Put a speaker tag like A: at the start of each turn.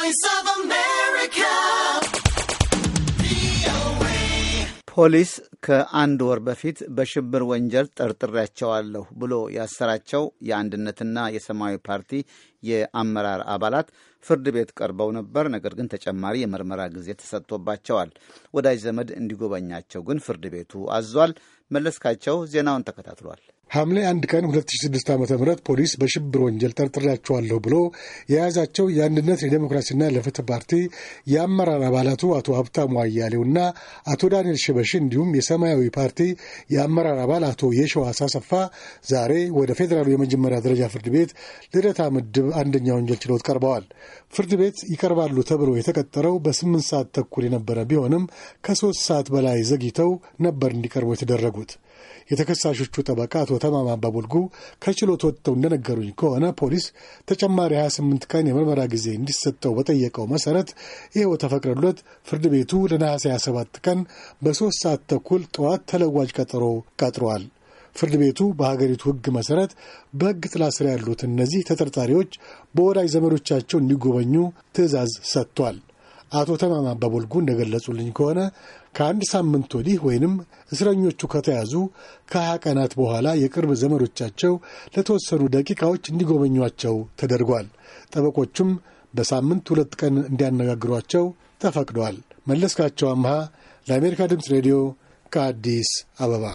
A: voice ፖሊስ ከአንድ ወር በፊት በሽብር ወንጀል ጠርጥሬያቸዋለሁ ብሎ ያሰራቸው የአንድነትና የሰማያዊ ፓርቲ የአመራር አባላት ፍርድ ቤት ቀርበው ነበር። ነገር ግን ተጨማሪ የምርመራ ጊዜ ተሰጥቶባቸዋል። ወዳጅ ዘመድ እንዲጎበኛቸው ግን ፍርድ ቤቱ አዟል። መለስካቸው ዜናውን ተከታትሏል።
B: ሐምሌ አንድ ቀን 2006 ዓ ም ፖሊስ በሽብር ወንጀል ጠርጥሬያቸዋለሁ ብሎ የያዛቸው የአንድነት የዴሞክራሲና ለፍትህ ፓርቲ የአመራር አባላቱ አቶ ሀብታሙ አያሌውና አቶ ዳንኤል ሽበሺ እንዲሁም የሰማያዊ ፓርቲ የአመራር አባል አቶ የሸዋስ አሰፋ ዛሬ ወደ ፌዴራሉ የመጀመሪያ ደረጃ ፍርድ ቤት ልደታ ምድብ አንደኛ ወንጀል ችሎት ቀርበዋል። ፍርድ ቤት ይቀርባሉ ተብሎ የተቀጠረው በስምንት ሰዓት ተኩል የነበረ ቢሆንም ከሶስት ሰዓት በላይ ዘግይተው ነበር እንዲቀርቡ የተደረጉት። የተከሳሾቹ ጠበቃ አቶ ተማማ አባቡልጉ ከችሎት ወጥተው እንደነገሩኝ ከሆነ ፖሊስ ተጨማሪ 28 ቀን የምርመራ ጊዜ እንዲሰጠው በጠየቀው መሰረት ይኸው ተፈቅዶለት ፍርድ ቤቱ ለነሐሴ 27 ቀን በሦስት ሰዓት ተኩል ጠዋት ተለዋጅ ቀጠሮ ቀጥሯል። ፍርድ ቤቱ በሀገሪቱ ሕግ መሠረት በሕግ ጥላ ስር ያሉት እነዚህ ተጠርጣሪዎች በወዳጅ ዘመዶቻቸው እንዲጎበኙ ትዕዛዝ ሰጥቷል። አቶ ተማማ በቦልጉ እንደገለጹልኝ ከሆነ ከአንድ ሳምንት ወዲህ ወይንም እስረኞቹ ከተያዙ ከሀያ ቀናት በኋላ የቅርብ ዘመዶቻቸው ለተወሰኑ ደቂቃዎች እንዲጎበኟቸው ተደርጓል። ጠበቆቹም በሳምንት ሁለት ቀን እንዲያነጋግሯቸው ተፈቅደዋል። መለስካቸው አምሃ ለአሜሪካ ድምፅ ሬዲዮ ከአዲስ አበባ